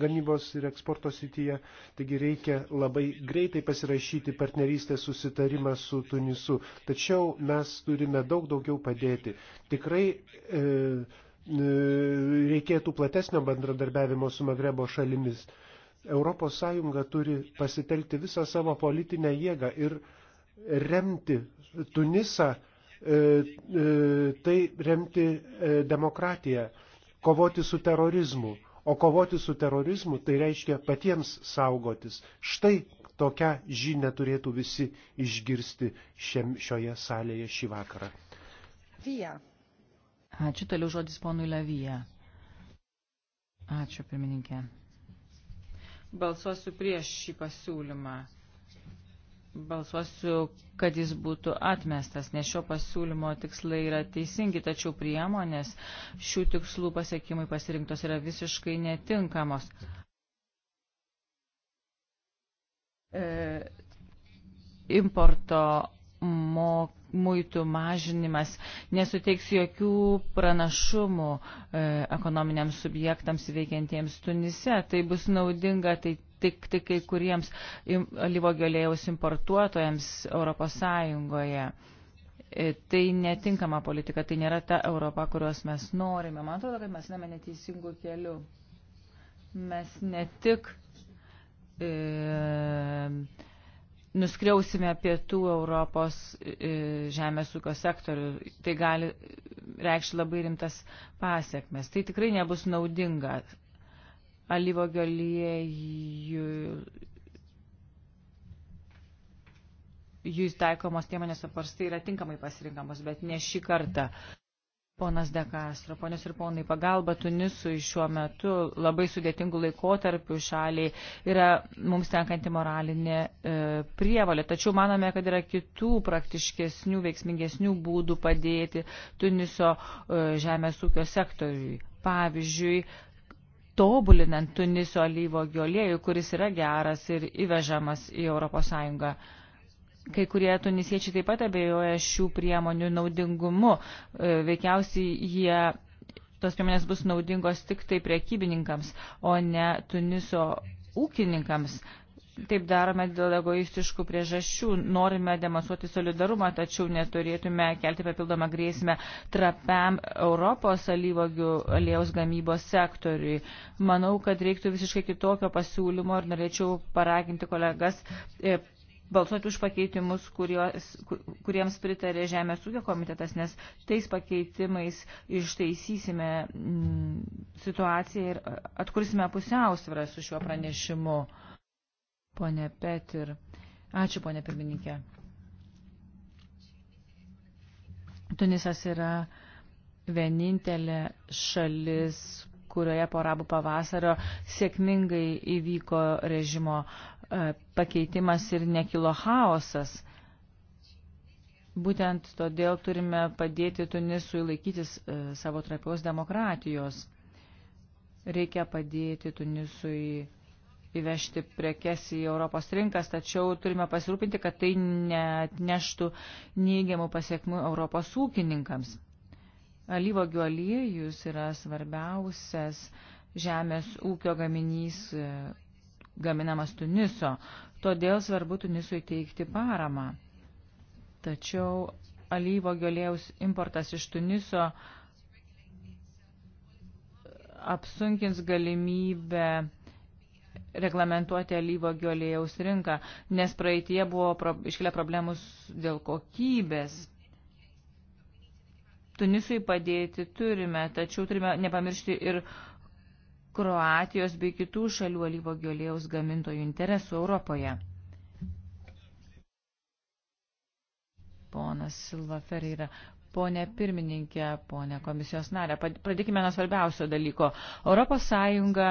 gamybos ir eksporto sityje. Taigi reikia labai greitai pasirašyti partnerystės susitarimą su Tunisu. Tačiau mes turime daug daugiau padėti. Tikrai e, reikėtų platesnio bendradarbiavimo su Magrebo šalimis. E, Europos Sąjunga turi pasitelkti visą savo politinę jėgą ir remti Tunisą, e, e, tai remti e, demokratiją, kovoti su terorizmu. O kovoti su terorizmu tai reiškia patiems saugotis. Štai tokią žinę turėtų visi išgirsti šiam, šioje salėje šį vakarą. Vija. Ačiū, toliau žodis ponui Levija. Ačiū, pirmininkė balsuosiu prieš šį pasiūlymą. Balsuosiu, kad jis būtų atmestas, nes šio pasiūlymo tikslai yra teisingi, tačiau priemonės šių tikslų pasiekimai pasirinktos yra visiškai netinkamos. E, importo mok muitų mažinimas nesuteiks jokių pranašumų e, ekonominiams subjektams veikiantiems Tunise. Tai bus naudinga tai tik, tik kai kuriems alyvogiolėjaus importuotojams Europos Sąjungoje. E, tai netinkama politika, tai nėra ta Europa, kurios mes norime. Man atrodo, kad mes einame neteisingu keliu. Mes ne tik e, nuskriausime pietų Europos e, e, žemės ūkio sektorių, tai gali reikšti labai rimtas pasiekmes. Tai tikrai nebus naudinga. Alyvogio aliejų jų taikomos priemonės paprastai yra tinkamai pasirinkamos, bet ne šį kartą. Ponas Dekastro, ponios ir ponai, pagalba Tunisui šiuo metu labai sudėtingų laikotarpių šaliai yra mums tenkanti moralinė e, prievalė. Tačiau manome, kad yra kitų praktiškesnių, veiksmingesnių būdų padėti Tuniso e, žemės ūkio sektoriui. Pavyzdžiui, tobulinant Tuniso alyvo giolėjų, kuris yra geras ir įvežamas į ES Kai kurie tunisiečiai taip pat abejoja šių priemonių naudingumu. E, veikiausiai jie tos priemonės bus naudingos tik tai priekybininkams, o ne Tuniso ūkininkams. Taip darome dėl egoistiškų priežasčių. Norime demonstruoti solidarumą, tačiau neturėtume kelti papildomą grėsmę trapiam Europos alyvogių aliejaus gamybos sektoriui. Manau, kad reiktų visiškai kitokio pasiūlymo ir norėčiau paraginti kolegas e, balsuoti už pakeitimus, kurios, kuriems pritarė Žemės ūkio komitetas, nes tais pakeitimais ištaisysime mm, situaciją ir atkursime pusiausvyrą su šiuo pranešimu. Pone Petir. Ačiū, ponė pirmininkė. Tunisas yra vienintelė šalis kurioje po arabų pavasario sėkmingai įvyko režimo E, pakeitimas ir nekilo chaosas. Būtent todėl turime padėti Tunisui laikytis e, savo trapios demokratijos. Reikia padėti Tunisui įvežti prekes į Europos rinkas, tačiau turime pasirūpinti, kad tai neatneštų neigiamų pasiekmių Europos ūkininkams. Alyvogių aliejus yra svarbiausias žemės ūkio gaminys, e, gaminamas Tuniso, todėl svarbu Tunisui teikti paramą. Tačiau alyvogio lėjaus importas iš Tuniso apsunkins galimybę reglamentuoti alyvogio lėjaus rinką, nes praeitie buvo pro, iškilę problemus dėl kokybės. Tunisui padėti turime, tačiau turime nepamiršti ir Kroatijos bei kitų šalių alyvogio aliejaus gamintojų interesų Europoje. Ponas Silva Ferreira. Pone pirmininkė, pone komisijos narė, pradėkime nuo svarbiausio dalyko. Europos Sąjunga,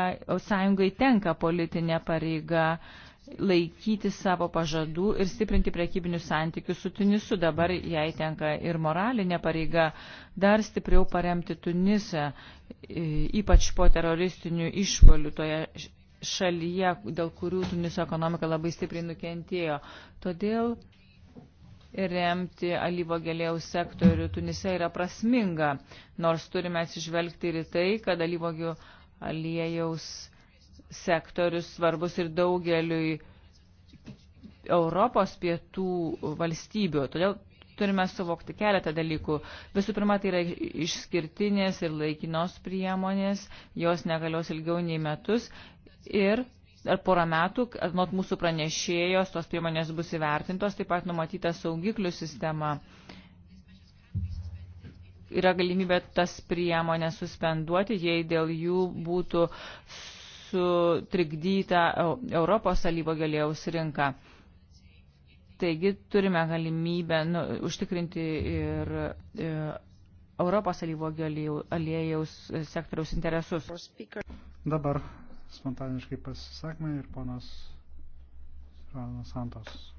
Sąjungai tenka politinė pareiga uh, laikyti savo pažadų ir stiprinti prekybinius santykius su Tunisu. Dabar jai tenka ir moralinė pareiga dar stipriau paremti Tunisą, e, ypač po teroristinių išpolių toje šalyje, dėl kurių Tuniso ekonomika labai stipriai nukentėjo. Todėl remti alyvo gėlėjaus sektorių Tunise yra prasminga, nors turime atsižvelgti ir tai, kad alyvogių aliejaus sektorius svarbus ir daugeliui Europos pietų valstybių. Todėl turime suvokti keletą dalykų. Visų pirma, tai yra išskirtinės ir laikinos priemonės, jos negalios ilgiau nei metus ir ar porą metų, nuo mūsų pranešėjos, tos priemonės bus įvertintos, taip pat numatyta saugiklių sistema. Yra galimybė tas priemonės suspenduoti, jei dėl jų būtų sutrikdytą Europos alyvogio aliejaus rinką. Taigi turime galimybę nu, užtikrinti ir, ir e, Europos alyvogio aliejaus sektoriaus interesus. Dabar spontaniškai pasisakymai ir ponas Ranas Santos.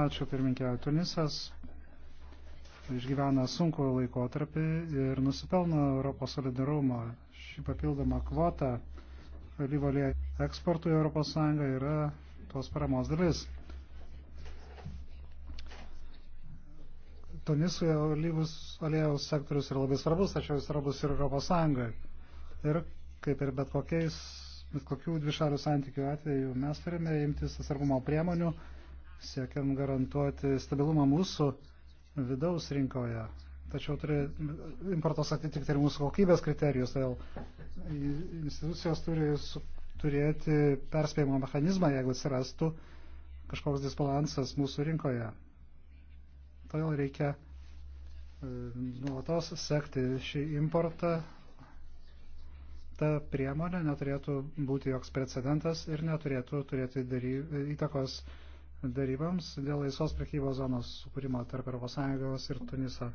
Ačiū pirminkė. Tunisas išgyvena sunku laikotarpį ir nusipelno Europos solidarumo. Šį papildomą kvotą alyvalė eksportui Europos Sąjunga yra tos paramos dalis. Tunisoje alyvus aliejaus sektorius yra labai svarbus, tačiau jis svarbus ir Europos Sąjungai. Ir kaip ir bet kokiais, bet kokių dvišalių santykių atveju mes turime imtis atsargumo priemonių, siekiant garantuoti stabilumą mūsų vidaus rinkoje, tačiau turi importas atitikti ir mūsų kokybės kriterijus, todėl institucijos turi su, turėti perspėjimo mechanizmą, jeigu atsirastų kažkoks disbalansas mūsų rinkoje. Todėl reikia e, nuolatos sekti šį importą. Ta priemonė neturėtų būti joks precedentas ir neturėtų turėti dary, įtakos darybams dėl laisvos prekybos zonos sukūrimo tarp ES ir Tuniso.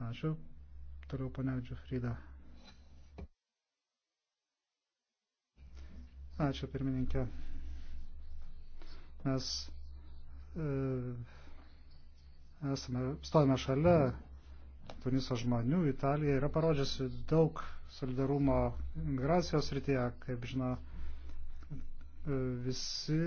Ačiū. Toliau paneudžiu Frida. Ačiū pirmininkė. Mes e, esame, stovime šalia Tuniso žmonių. Italija yra parodžiusi daug solidarumo migracijos rytyje, kaip žinoma visi,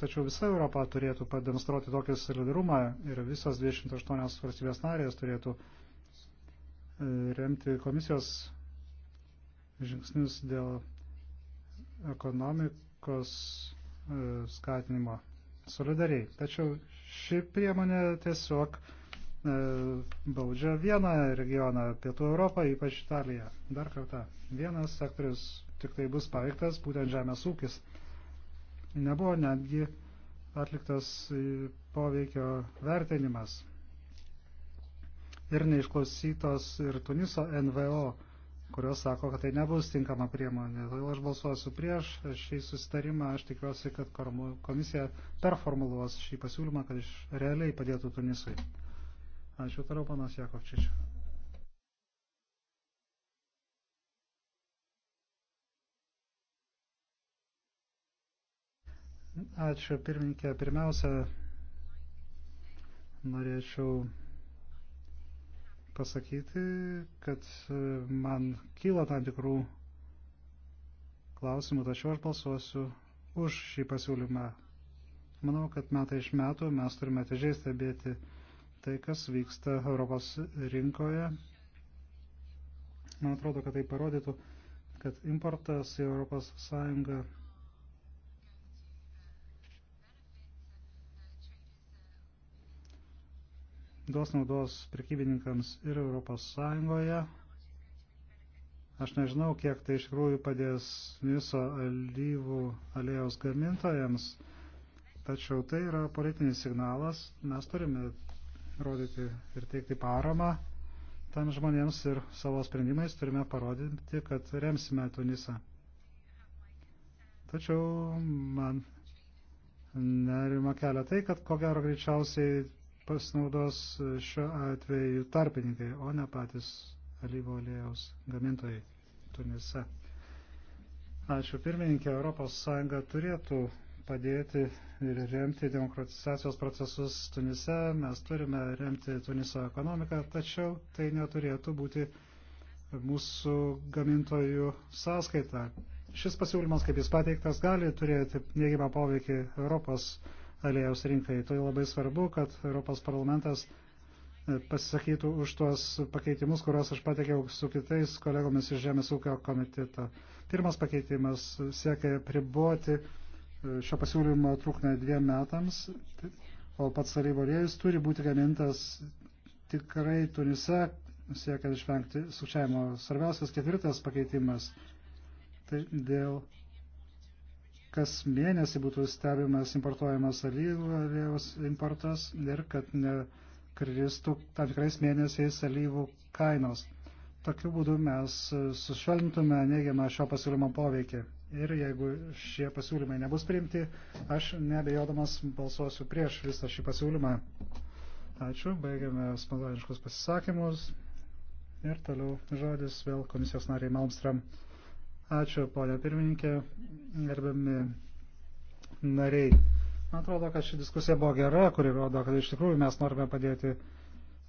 tačiau visa Europa turėtų pademonstruoti tokį solidarumą ir visos 28 valstybės narės turėtų e, remti komisijos žingsnius dėl ekonomikos e, skatinimo solidariai. Tačiau ši priemonė tiesiog e, baudžia vieną regioną, Pietų Europą, ypač Italiją. Dar kartą, vienas sektorius tik tai bus paveiktas, būtent žemės ūkis Nebuvo netgi atliktas e, poveikio vertinimas ir neišklausytos ir Tuniso NVO, kurios sako, kad tai nebus tinkama priemonė. Todėl aš balsuosiu prieš šį susitarimą. Aš tikiuosi, kad komisija performuluos šį pasiūlymą, kad iš realiai padėtų Tunisui. Ačiū toliau, panas Jakovčičius. Ačiū pirmininkė. Pirmiausia, norėčiau pasakyti, kad man kyla tam tikrų klausimų, tačiau aš balsuosiu už šį pasiūlymą. Manau, kad metai iš metų mes turime atidžiai stebėti tai, kas vyksta Europos rinkoje. Man atrodo, kad tai parodytų, kad importas į Europos Sąjungą duos naudos prekybininkams ir Europos Sąjungoje. Aš nežinau, kiek tai iš tikrųjų padės viso alyvų aliejaus gamintojams, tačiau tai yra politinis signalas. Mes turime rodyti ir teikti paramą tam žmonėms ir savo sprendimais turime parodyti, kad remsime Tunisą. Tačiau man nerima kelia tai, kad ko gero greičiausiai pasinaudos šiuo atveju tarpininkai, o ne patys alyvo aliejaus gamintojai Tunise. Ačiū pirmininkė, ES turėtų padėti ir remti demokratizacijos procesus Tunise. Mes turime remti Tuniso ekonomiką, tačiau tai neturėtų būti mūsų gamintojų sąskaita. Šis pasiūlymas, kaip jis pateiktas, gali turėti neigiamą poveikį Europos aliejaus rinkai. Tai labai svarbu, kad Europos parlamentas e, pasisakytų už tuos pakeitimus, kuriuos aš pateikiau su kitais kolegomis iš Žemės ūkio komiteto. Pirmas pakeitimas siekia priboti e, šio pasiūlymo trukmę dviem metams, o pats alyvorėjus turi būti gamintas tikrai Tunise, siekiant išvengti sukčiavimo. Svarbiausias ketvirtas pakeitimas tai dėl kas mėnesį būtų stebimas importuojamas alyvų aliejus importas ir kad nekristų tam tikrais mėnesiais alyvų kainos. Tokiu būdu mes sušvelnintume neigiamą šio pasiūlymo poveikį. Ir jeigu šie pasiūlymai nebus priimti, aš nebejodamas balsuosiu prieš visą šį pasiūlymą. Ačiū, baigiame spontaniškus pasisakymus. Ir toliau žodis vėl komisijos nariai Malmstram. Ačiū, ponia pirmininkė, gerbiami nariai. Man atrodo, kad ši diskusija buvo gera, kuri rodo, kad iš tikrųjų mes norime padėti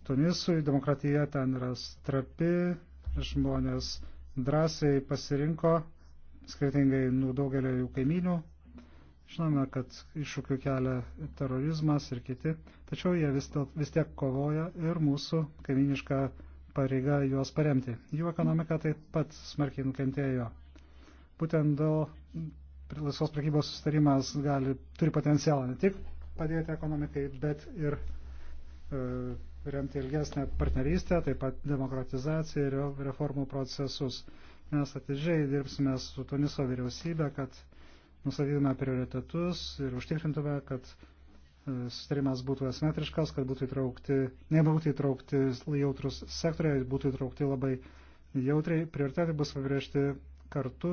Tunisui, demokratija ten yra strapi, žmonės drąsiai pasirinko, skirtingai nuo daugelio jų kaimynių. Žinome, kad iššūkių kelia terorizmas ir kiti, tačiau jie vis, vis tiek kovoja ir mūsų kaiminiška pareiga juos paremti. Jų ekonomika taip pat smarkiai nukentėjo. Būtent dėl laisvos prekybos sustarimas gali, turi potencialą ne tik padėti ekonomikai, bet ir e, remti ilgesnę partnerystę, taip pat demokratizaciją ir reformų procesus. Mes atidžiai dirbsime su Tuniso vyriausybė, kad nusatytume prioritetus ir užtikrintume, kad e, sustarimas būtų asmetriškas, kad būtų įtraukti, nebūtų įtraukti jautrus sektoriai, būtų įtraukti labai jautriai, prioritetai bus pabrėžti kartu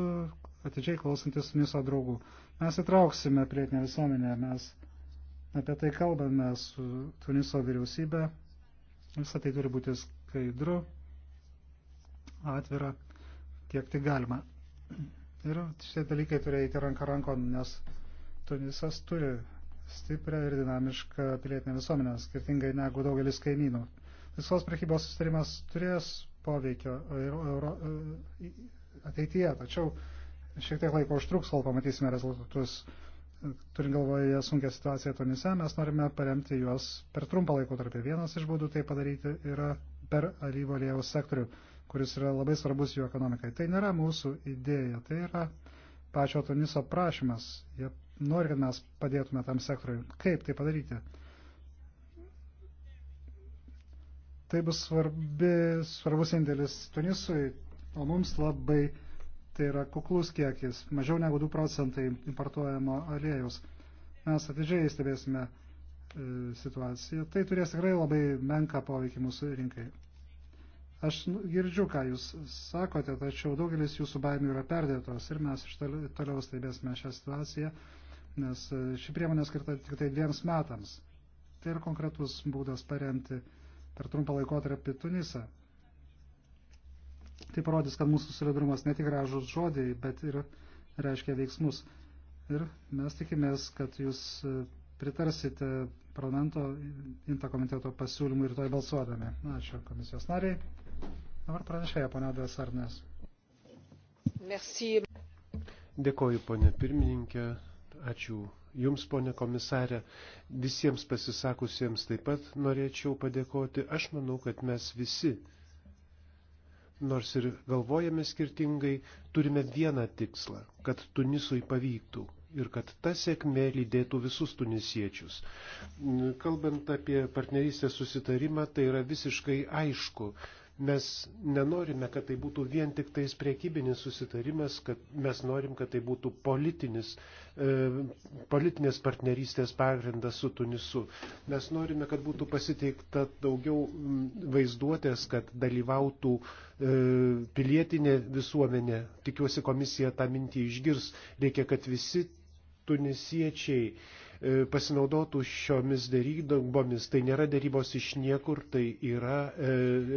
atidžiai klausantis miso draugų. Mes įtrauksime prietinę visuomenę, mes apie tai kalbame su Tuniso vyriausybė. Visą tai turi būti skaidru, atvira, kiek tik galima. Ir šitie dalykai turi eiti ranka rankon, nes Tunisas turi stiprią ir dinamišką pilietinę visuomenę, skirtingai negu daugelis kaimynų. Visos prekybos sustarimas turės poveikio Euro, ateityje. Tačiau šiek tiek laiko užtruks, kol pamatysime rezultatus. Turint galvoje sunkia situacija Tunise, mes norime paremti juos per trumpą laiko tarp. Vienas iš būdų tai padaryti yra per alyvo aliejaus sektorių, kuris yra labai svarbus jų ekonomikai. Tai nėra mūsų idėja, tai yra pačio Tuniso prašymas. Jie nori, kad mes padėtume tam sektoriui. Kaip tai padaryti? Tai bus svarbi, svarbus indėlis Tunisui, o mums labai tai yra kuklus kiekis, mažiau negu 2 procentai importuojamo aliejus. Mes atidžiai stebėsime e, situaciją. Tai turės tikrai labai menką poveikį mūsų rinkai. Aš nu, girdžiu, ką jūs sakote, tačiau daugelis jūsų baimių yra perdėtos ir mes toliau stebėsime šią situaciją, nes e, ši priemonė skirta tik tai dviems metams. Tai yra konkretus būdas paremti per trumpą laikotarpį Tunisą. Tai parodys, kad mūsų solidarumas ne tik gražus žodžiai, bet ir reiškia veiksmus. Ir mes tikimės, kad jūs e, pritarsite parlamento intakomiteto pasiūlymų ir toj balsuodami. Ačiū komisijos nariai. Dabar pranešėja ponia Desarnės. Merci. Dėkoju, ponė pirmininkė. Ačiū Jums, ponė komisarė. Visiems pasisakusiems taip pat norėčiau padėkoti. Aš manau, kad mes visi nors ir galvojame skirtingai, turime vieną tikslą - kad Tunisui pavyktų ir kad ta sėkmė lydėtų visus tunisiečius. Kalbant apie partnerystės susitarimą, tai yra visiškai aišku, Mes nenorime, kad tai būtų vien tik tais priekybinis susitarimas, kad mes norim, kad tai būtų politinis, e, politinės partnerystės pagrindas su Tunisu. Mes norime, kad būtų pasiteikta daugiau vaizduotės, kad dalyvautų e, pilietinė visuomenė. Tikiuosi, komisija tą mintį išgirs. Reikia, kad visi tunisiečiai E, pasinaudotų šiomis dėrybomis. Tai nėra dėrybos iš niekur, tai yra e,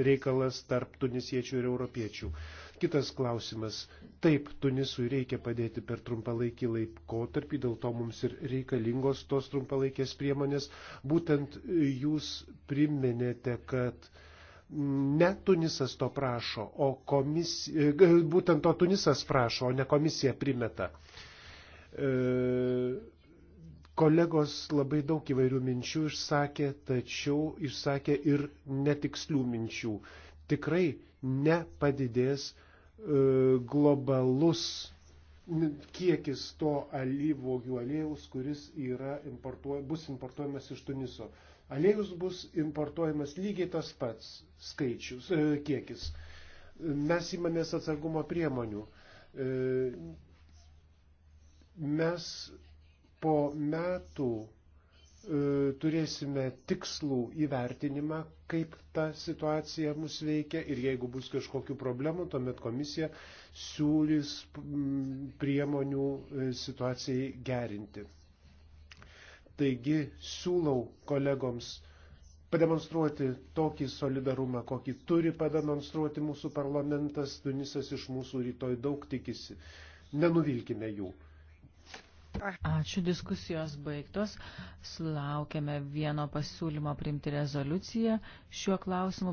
reikalas tarp tunisiečių ir europiečių. Kitas klausimas. Taip, Tunisui reikia padėti per trumpalaikį laikotarpį, dėl to mums ir reikalingos tos trumpalaikės priemonės. Būtent jūs priminėte, kad ne Tunisas to prašo, o komisija, e, būtent to Tunisas prašo, o ne komisija primeta. E Kolegos labai daug įvairių minčių išsakė, tačiau išsakė ir netikslių minčių. Tikrai nepadidės e, globalus kiekis to alyvogių aliejus, kuris importuoj, bus importuojamas iš Tuniso. Aliejus bus importuojamas lygiai tas pats skaičius, e, kiekis. Mes įmamės atsargumo priemonių. E, mes po metų e, turėsime tikslų įvertinimą, kaip ta situacija mus veikia ir jeigu bus kažkokių problemų, tuomet komisija siūlys priemonių e, situacijai gerinti. Taigi siūlau kolegoms pademonstruoti tokį solidarumą, kokį turi pademonstruoti mūsų parlamentas, Tunisas iš mūsų rytoj daug tikisi. Nenuvilkime jų. Ačiū, diskusijos baigtos. Sulaukėme vieno pasiūlymo priimti rezoliuciją šiuo klausimu.